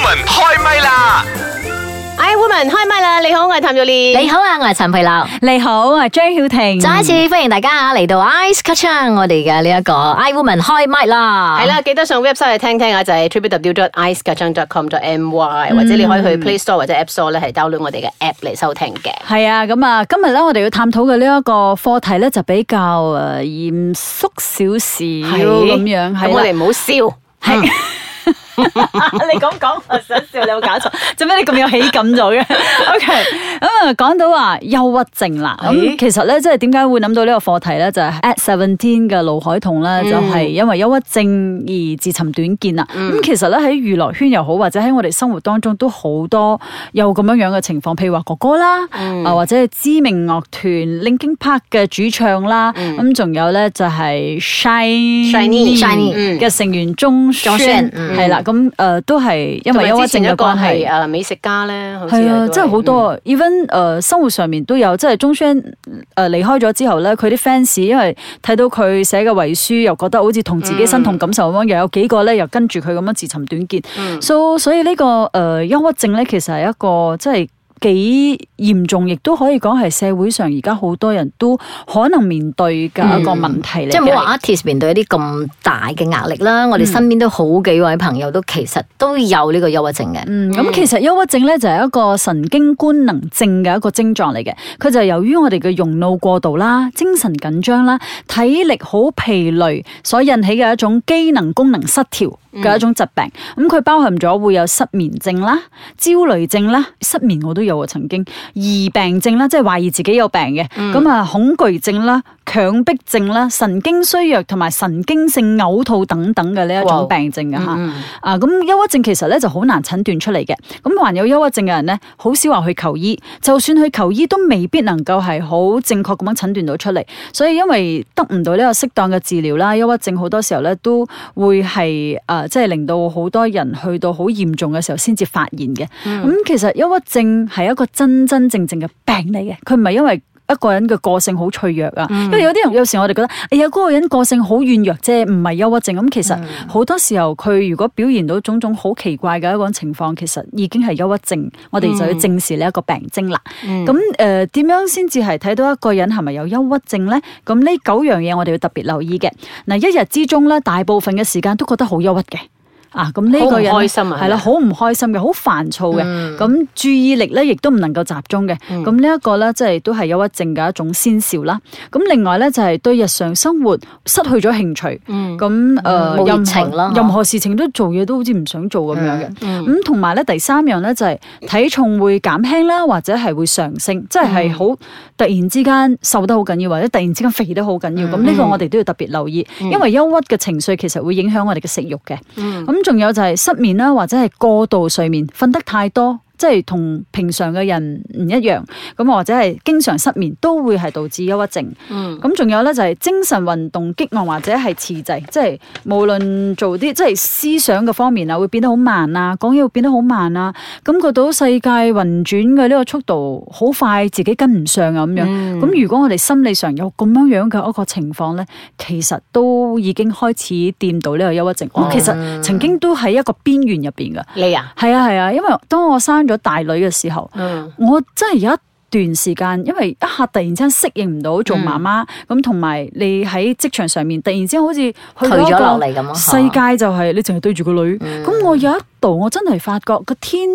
開唛啦！I Woman 開唛啦！你好，我係譚玉蓮。你好啊，我係陳佩樂。你好啊，張曉婷。再一次歡迎大家啊，嚟到 Ice Kacang 我哋嘅呢一個 I Woman 開唛啦。係啦，記得上 website 嚟聽聽啊，就係 www.icekacang.com.my，或者你可以去 Play Store 或者 App Store 咧，係 download 我哋嘅 app 嚟收聽嘅。係啊，咁啊，今日咧我哋要探討嘅呢一個課題咧就比較誒嚴肅少少，咁樣，咁我哋唔好笑。你講講，我想笑。你有冇搞錯？做咩你咁有喜感咗嘅？OK，咁啊，講到話憂鬱症啦。咁其實咧，即係點解會諗到呢個課題咧？就係 At Seventeen 嘅盧海彤咧，就係因為憂鬱症而自尋短見啦。咁其實咧喺娛樂圈又好，或者喺我哋生活當中都好多有咁樣樣嘅情況。譬如話哥哥啦，啊或者係知名樂團 Linkin Park 嘅主唱啦，咁仲有咧就係 Shine 嘅成員中軒係啦。咁誒、嗯，都係因為憂鬱症嘅關係誒，美食家咧，係啊，是真係好多。嗯、even 誒、呃，生活上面都有，即係锺薛誒離開咗之後咧，佢啲 fans 因為睇到佢寫嘅遺書，又覺得好似同自己身同感受咁樣，嗯、又有幾個咧又跟住佢咁樣自尋短見。嗯、so，所以所、這、以、個呃、呢個誒憂鬱症咧，其實係一個即係。幾嚴重，亦都可以講係社會上而家好多人都可能面對嘅一個問題，即係冇好話 a 面對一啲咁大嘅壓力啦，我哋身邊都好幾位朋友都其實都有呢個憂鬱症嘅。咁其實憂鬱症咧就係一個神經官能症嘅一個症狀嚟嘅。佢就由於我哋嘅用腦過度啦、精神緊張啦、體力好疲累所引起嘅一種機能功能失調嘅一種疾病。咁佢包含咗會有失眠症啦、焦慮症啦、失眠我都要。曾經疑病症啦，即係懷疑自己有病嘅，咁啊、mm. 恐懼症啦、強迫症啦、神經衰弱同埋神經性嘔吐等等嘅呢一種病症嘅吓，wow. mm hmm. 啊咁憂鬱症其實咧就好難診斷出嚟嘅，咁患有憂鬱症嘅人咧好少話去求醫，就算去求醫都未必能夠係好正確咁樣診斷到出嚟，所以因為得唔到呢個適當嘅治療啦，憂鬱症好多時候咧都會係誒、呃、即係令到好多人去到好嚴重嘅時候先至發現嘅，咁、mm. 其實憂鬱症係一個真真正正嘅病嚟嘅，佢唔係因為一個人嘅個性好脆弱啊，嗯、因為有啲人有時我哋覺得，哎呀、嗰個人個性好軟弱啫，唔係憂鬱症。咁其實好、嗯、多時候佢如果表現到種種好奇怪嘅一個情況，其實已經係憂鬱症。我哋就要正視呢一個病徵啦。咁誒、嗯，點、呃、樣先至係睇到一個人係咪有憂鬱症咧？咁呢九樣嘢我哋要特別留意嘅。嗱，一日之中咧，大部分嘅時間都覺得好憂鬱嘅。啊，咁呢個人係啦，好唔開心嘅，好煩躁嘅，咁注意力咧亦都唔能夠集中嘅，咁呢一個咧即係都係憂鬱症嘅一種先兆啦。咁另外咧就係對日常生活失去咗興趣，咁誒任何任何事情都做嘢都好似唔想做咁樣嘅。咁同埋咧第三樣咧就係體重會減輕啦，或者係會上升，即係係好突然之間瘦得好緊要，或者突然之間肥得好緊要。咁呢個我哋都要特別留意，因為憂鬱嘅情緒其實會影響我哋嘅食慾嘅。咁仲有就係失眠啦，或者係過度睡眠，瞓得太多。即係同平常嘅人唔一樣，咁或者係經常失眠都會係導致憂鬱症。咁仲、嗯、有咧就係精神運動激昂或者係遲滯，即係無論做啲即係思想嘅方面啊，會變得好慢啊，講嘢會變得好慢啊，感覺到世界運轉嘅呢個速度好快，自己跟唔上咁樣。咁、嗯、如果我哋心理上有咁樣樣嘅一個情況咧，其實都已經開始掂到呢個憂鬱症。我、嗯、其實曾經都喺一個邊緣入邊嘅。你啊，係啊係啊，因為當我生。咗大女嘅時候，嗯、我真係有一段時間，因為一下突然之間適應唔到做媽媽，咁同埋你喺職場上面突然之間好似退咗落嚟咁，世界就係你淨係對住個女，咁、嗯、我有一度我真係發覺個天。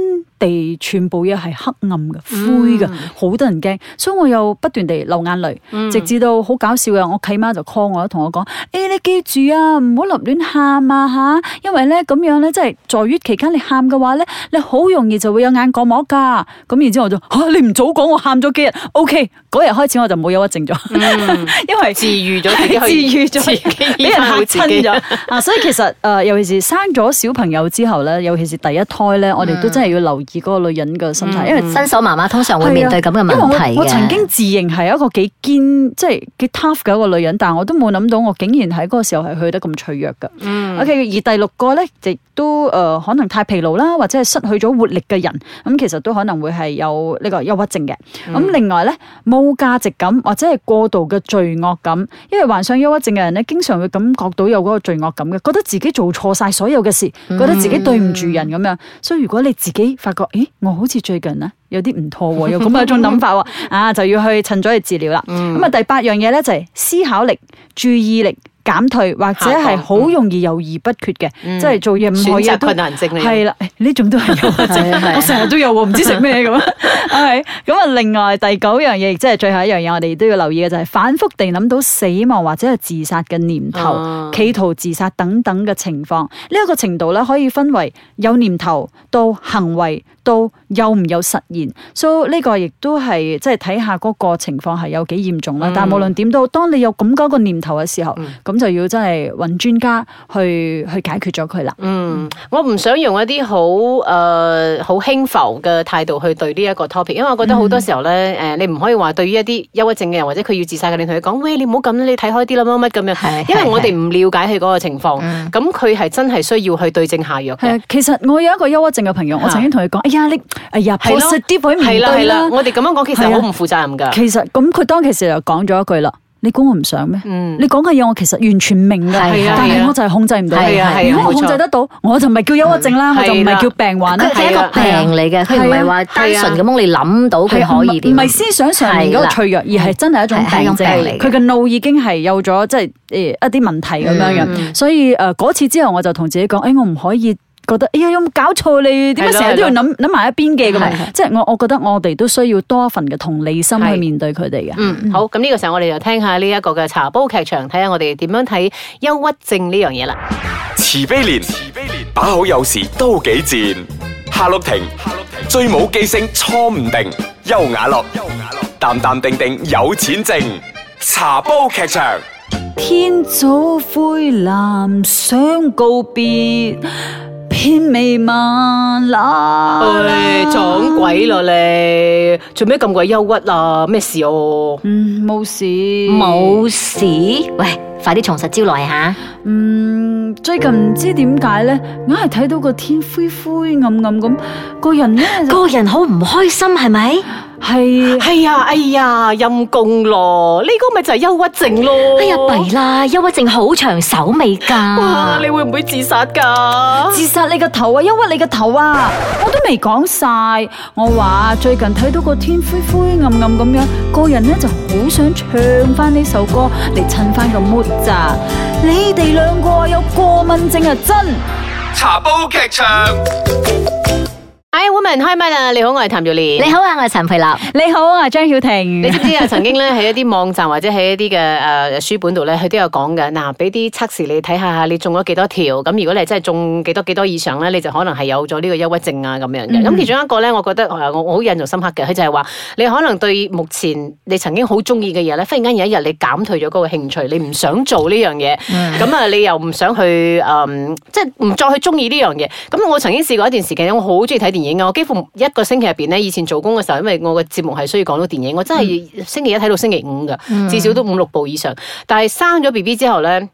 全部嘢係黑暗嘅、灰嘅，好得人驚，所以我又不斷地流眼淚，嗯、直至到好搞笑嘅，我契媽就 call 我，同我講：誒、hey，你記住啊，唔好立亂喊啊嚇，因為咧咁樣咧，即係在月期間你喊嘅話咧，你好容易就會有眼角膜㗎。咁然之後我就、ah, 你唔早講，我喊咗幾日，OK，嗰日開始我就冇憂鬱症咗，嗯、因為治愈自己治愈咗，自愈咗，俾人嚇親咗 所以其實誒、呃，尤其是生咗小朋友之後咧，尤其是第一胎咧，我哋都真係要留意。而嗰個女人嘅身體，嗯、因為新手媽媽通常會面對咁嘅問題。我曾經自認係一個幾堅，即係幾 tough 嘅一個女人，但係我都冇諗到，我竟然喺嗰個時候係去得咁脆弱嘅。嗯、o、okay, k 而第六個咧，亦都誒、呃、可能太疲勞啦，或者係失去咗活力嘅人，咁其實都可能會係有呢、呢個憂鬱症嘅。咁、嗯、另外咧，冇價值感或者係過度嘅罪惡感，因為患上憂鬱症嘅人咧，經常會感覺到有嗰個罪惡感嘅，覺得自己做錯晒所有嘅事，覺得自己對唔住人咁樣。嗯嗯、所以如果你自己咦，我好似最近有啲唔妥喎，有咁 啊種諗法，就要去趁早去治療啦。嗯，第八樣嘢咧就係思考力、注意力。減退或者係好容易猶豫不決嘅，嗯、即係做嘢唔可以都係啦。呢種都係有 的 我成日都有，唔知食咩咁。咁啊，另外第九樣嘢，即係最後一樣嘢，我哋都要留意嘅就係、是、反覆地諗到死亡或者係自殺嘅念頭、嗯、企圖自殺等等嘅情況。呢、這、一個程度咧，可以分為有念頭到行為。到又唔有實現，所以呢個亦都係即係睇下嗰個情況係有幾嚴重啦。但係無論點都，當你有咁嗰個，個念頭嘅時候，咁、嗯、就要真係揾專家去去解決咗佢啦。嗯，我唔想用一啲好誒好輕浮嘅態度去對呢一個 topic，因為我覺得好多時候咧，誒、嗯嗯、你唔可以話對於一啲憂鬱症嘅人或者佢要自殺嘅，你同佢講喂，你唔好咁，你睇開啲啦，乜乜咁樣，因為我哋唔了解佢嗰個情況，咁佢係真係需要去對症下藥、嗯嗯。其實我有一個憂鬱症嘅朋友，我曾經同佢講。哎你哎呀 p o o r 啦。我哋咁樣講，其實好唔負責任噶。其實咁，佢當其時就講咗一句啦：你估我唔想咩？你講嘅嘢，我其實完全明噶。但係我就係控制唔到。如果我控制得到，我就唔係叫憂鬱症啦，我就唔係叫病患啦。係一個病嚟嘅，佢唔係話單純咁，你諗到佢可以點。唔係思想上面嗰個脆弱，而係真係一種病症。佢嘅腦已經係有咗即係一啲問題咁樣嘅。所以誒嗰次之後，我就同自己講：誒，我唔可以。覺得哎呀有冇搞錯你？點解成日都要諗諗埋一邊嘅咁？即係我我覺得我哋都需要多一份嘅同理心去面對佢哋嘅。嗯，嗯好。咁呢個時候我哋就聽下呢一個嘅茶煲劇場，睇下我哋點樣睇憂鬱症呢樣嘢啦。慈悲蓮，慈悲蓮，把口有時都幾賤。哈洛廷，哈洛廷，停最冇記性，錯唔定。優雅樂，優雅樂，淡淡定定有錢剩。茶煲劇場。天早灰藍，想告別。天微茫啦！唉，撞鬼啦你！做咩咁鬼憂鬱呀？咩事哦、啊？嗯，冇事。冇事？喂，快啲從實招來吓！嗯，最近唔知點解咧，硬係睇到個天灰灰暗暗咁，個人咧，個人好唔開心係咪？係，係呀，哎呀，陰公咯，呢個咪就係憂鬱症咯。哎呀，弊啦，憂鬱症好長手尾噶。哇，你會唔會自殺噶自殺你個頭啊！憂鬱你個頭啊！我都未講晒，我話最近睇到個天灰灰暗暗咁樣，個人咧就好想唱翻呢首歌嚟襯翻個 mood 咋。你哋兩個啊，有過敏症啊真。茶煲劇場。開嘜啦！Hi, 你好，我係譚玉蓮。你好啊，我係陳佩立。你好啊，張曉婷。 你知唔知啊？曾經咧喺一啲網站或者喺一啲嘅，誒、書本度咧，佢都有講嘅。嗱，俾啲測試你睇下，你中咗幾多條？咁如果你真係中幾多幾多以上咧，你就可能係有咗呢個憂鬱症啊咁樣嘅。咁、mm hmm. 其中一個咧，我覺得我我好印象深刻嘅，佢就係話你可能對目前你曾經好中意嘅嘢咧，忽然間有一日你減退咗嗰個興趣，你唔想做呢、mm hmm. 樣嘢，咁啊你又唔想去誒，即係唔再去中意呢樣嘢。咁我曾經試過一段時間，我好中意睇電影嘅，幾乎一個星期入邊咧，以前做工嘅時候，因為我嘅節目係需要講到電影，我真係星期一睇到星期五㗎，嗯、至少都五六部以上。但係生咗 BB 之後咧，誒、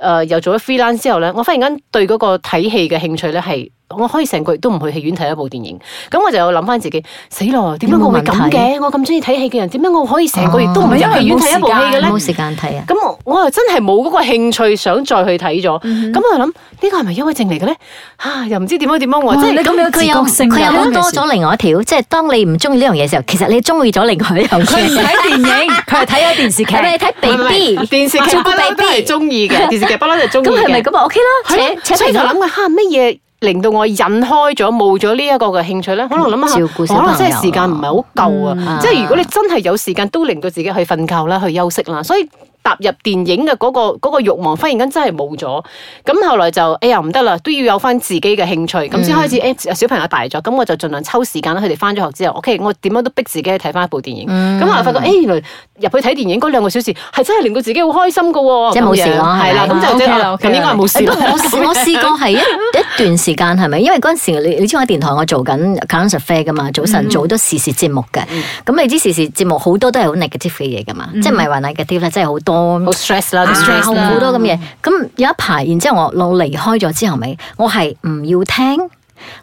呃、又做咗 freelance 之後咧，我忽然間對嗰個睇戲嘅興趣咧係。我可以成個月都唔去戲院睇一部電影，咁我就有諗翻自己死咯，點解我會咁嘅？我咁中意睇戲嘅人，點解我可以成個月都唔喺戲院睇一部戲嘅咧？冇時間睇啊！咁我又真係冇嗰個興趣想再去睇咗。咁我諗呢個係咪憂鬱症嚟嘅咧？吓，又唔知點樣點樣，我即係咁樣，佢又多咗另外一條，即係當你唔中意呢樣嘢嘅時候，其實你中意咗另外一樣。佢唔睇電影，佢係睇有電視劇。佢睇 B B 電視劇不嬲都係中意嘅，電視劇不嬲都係中意嘅。咁係咪咁啊？O K 啦，且且佢就諗下嘢。令到我引開咗、冇咗呢一個嘅興趣咧，可能諗下，照顧可能真係時間唔係好夠啊！嗯、即係如果你真係有時間，都令到自己去瞓覺啦、去休息啦，所以。踏入電影嘅嗰個嗰個欲望，忽然間真係冇咗。咁後來就，哎呀唔得啦，都要有翻自己嘅興趣。咁先開始，小朋友大咗，咁我就儘量抽時間咧。佢哋翻咗學之後，OK，我點樣都逼自己去睇翻一部電影。咁我又發覺，誒原來入去睇電影嗰兩個小時係真係令到自己好開心嘅喎。即冇事咯，係啦，咁就 OK 啦。應該係冇事。我我試過係一一段時間係咪？因為嗰陣時你知我喺電台我做緊 current affair 嘅嘛，早晨早都時事節目嘅。咁你知時事節目好多都係好 negative 嘅嘢嘅嘛，即係唔係話 negative 咧，即係好多。好 stress 啦，好、嗯、多咁嘢。咁、嗯、有一排，然之後我我離開之後，我我離開咗之後咪，我係唔要聽。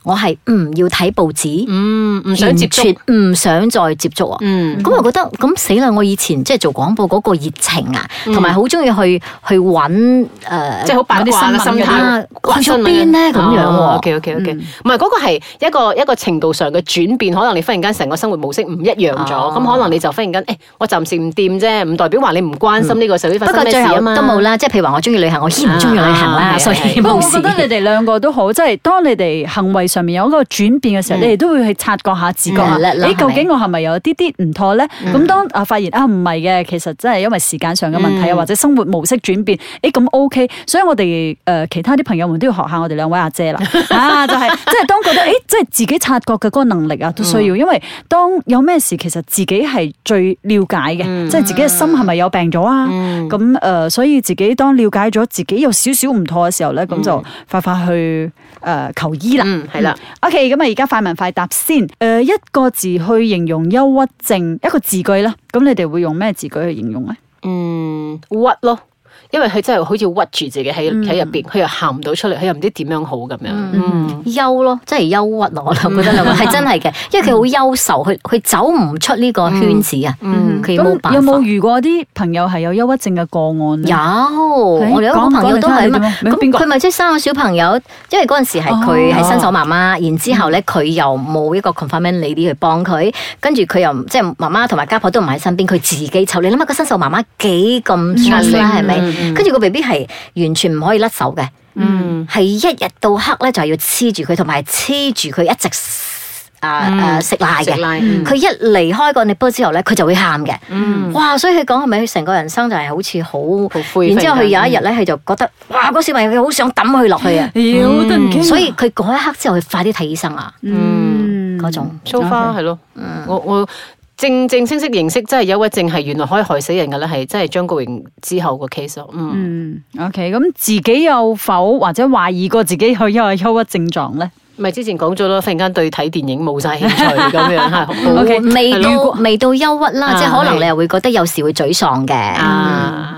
我係唔要睇報紙，唔想接觸，唔想再接觸啊！咁我覺得咁死啦！我以前即係做廣播嗰個熱情啊，同埋好中意去去搵誒，即係好扮啲心態，去咗邊咧咁樣？OK OK OK，唔係嗰個係一個一個程度上嘅轉變，可能你忽然間成個生活模式唔一樣咗，咁可能你就忽然間誒，我暫時唔掂啫，唔代表話你唔關心呢個社會。不過再都冇啦，即係譬如話我中意旅行，我依然中意旅行。我所以不過我覺得你哋兩個都好，即係當你哋位上面有一個轉變嘅時候，你哋都會去察覺下、自覺下究竟我係咪有啲啲唔妥咧？咁當啊，發現啊，唔係嘅，其實真係因為時間上嘅問題啊，或者生活模式轉變，誒，咁 OK。所以我哋誒，其他啲朋友們都要學下我哋兩位阿姐啦，啊，就係即係當覺得誒，即係自己察覺嘅嗰個能力啊，都需要。因為當有咩事，其實自己係最了解嘅，即係自己嘅心係咪有病咗啊？咁誒，所以自己當了解咗自己有少少唔妥嘅時候咧，咁就快快去誒求醫啦。係啦，嗯，OK，咁啊，而家快問快答先。Uh, 一個字去形容憂鬱症，一個字句啦。咁你哋會用咩字句去形容咧？嗯，鬱咯。因為佢真係好似屈住自己喺喺入邊，佢又喊唔到出嚟，佢又唔知點樣好咁樣，憂咯，真係憂鬱咯，我覺得係真係嘅，因為佢好憂愁，佢佢走唔出呢個圈子啊，佢冇辦法。有冇遇過啲朋友係有憂鬱症嘅個案？有，我哋一個朋友都係，佢咪即係生個小朋友，因為嗰陣時係佢係新手媽媽，然之後咧佢又冇一個 confinement lady 去幫佢，跟住佢又即係媽媽同埋家婆都唔喺身邊，佢自己湊，你諗下個新手媽媽幾咁壓力啊，係咪？跟住個 B B 係完全唔可以甩手嘅，係一日到黑咧就係要黐住佢，同埋黐住佢一直啊啊食奶嘅。佢一離開個 nipple 之後咧，佢就會喊嘅。哇！所以佢講係咪佢成個人生就係好似好，然之後佢有一日咧，佢就覺得哇！嗰小朋友佢好想揼佢落去啊！妖都唔驚，所以佢嗰一刻之後，佢快啲睇醫生啊！嗯，嗰種。花係咯，我我。正正清晰認識，真係憂鬱症係原來可以害死人嘅咧，係真係張國榮之後個 case 咯。嗯、嗯，OK，咁自己有否或者懷疑過自己有憂憂鬱症狀咧？咪之前講咗咯，突然間對睇電影冇晒興趣咁 樣嚇。未到未到憂鬱啦，啊、即係可能你又會覺得有時會沮喪嘅。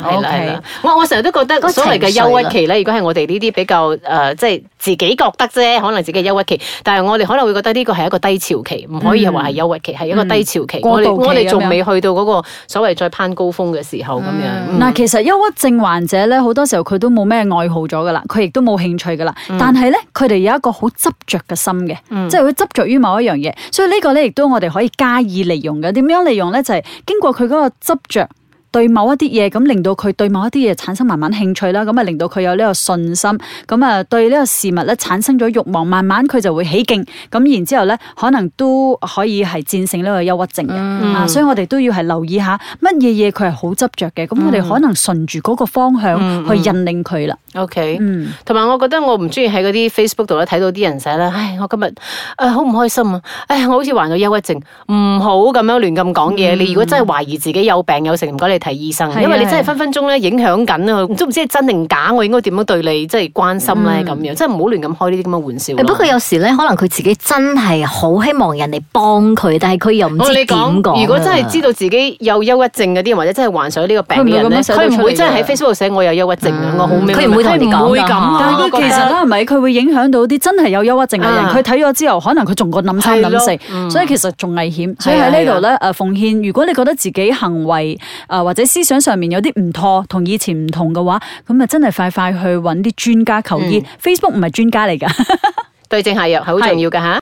OK，我我成日都覺得所謂嘅憂鬱期咧， 如果係我哋呢啲比較誒、呃，即係。自己覺得啫，可能自己係憂鬱期，但係我哋可能會覺得呢個係一個低潮期，唔可以話係憂鬱期，係一個低潮期。嗯、過渡期啊！我哋仲未去到嗰個所謂再攀高峰嘅時候咁樣。嗱、嗯，嗯、其實憂鬱症患者咧，好多時候佢都冇咩愛好咗噶啦，佢亦都冇興趣噶啦，但係咧佢哋有一個好執着嘅心嘅，嗯、即係佢執着於某一樣嘢，所以呢個咧亦都我哋可以加以利用嘅。點樣利用咧？就係、係、經過佢嗰個執著。對某一啲嘢咁，令到佢對某一啲嘢產生慢慢興趣啦，咁啊令到佢有呢個信心，咁啊對呢個事物咧產生咗慾望，慢慢佢就會起勁，咁然之後咧可能都可以係戰勝呢個憂鬱症嘅。嗯、所以我哋都要係留意下乜嘢嘢佢係好執着嘅，咁、嗯、我哋可能順住嗰個方向去引領佢啦。OK，同埋我覺得我唔中意喺嗰啲 Facebook 度睇到啲人寫咧，唉，我今日唉好唔開心啊，唉，我好似患咗憂鬱症，唔好咁樣亂咁講嘢。嗯、你如果真係懷疑自己有病有成，唔該你，睇醫生，因為你真係分分鐘咧影響緊啊！唔知唔知係真定假，我應該點樣對你即係關心咧？咁樣真係唔好亂咁開呢啲咁嘅玩笑。不過有時咧，可能佢自己真係好希望人哋幫佢，但係佢又唔知點講。如果真係知道自己有憂鬱症嘅啲，或者真係患上呢個病，佢唔會真係喺 Facebook 寫我有憂鬱症。佢唔會，佢唔會咁啊！其實都係咪？佢會影響到啲真係有憂鬱症嘅人。佢睇咗之後，可能佢仲過諗三諗四，所以其實仲危險。所以喺呢度咧，奉獻，如果你覺得自己行為或者思想上面有啲唔妥，同以前唔同嘅話，咁啊真係快快去揾啲專家求醫。嗯、Facebook 唔係專家嚟噶， 對症下藥係好重要嘅吓。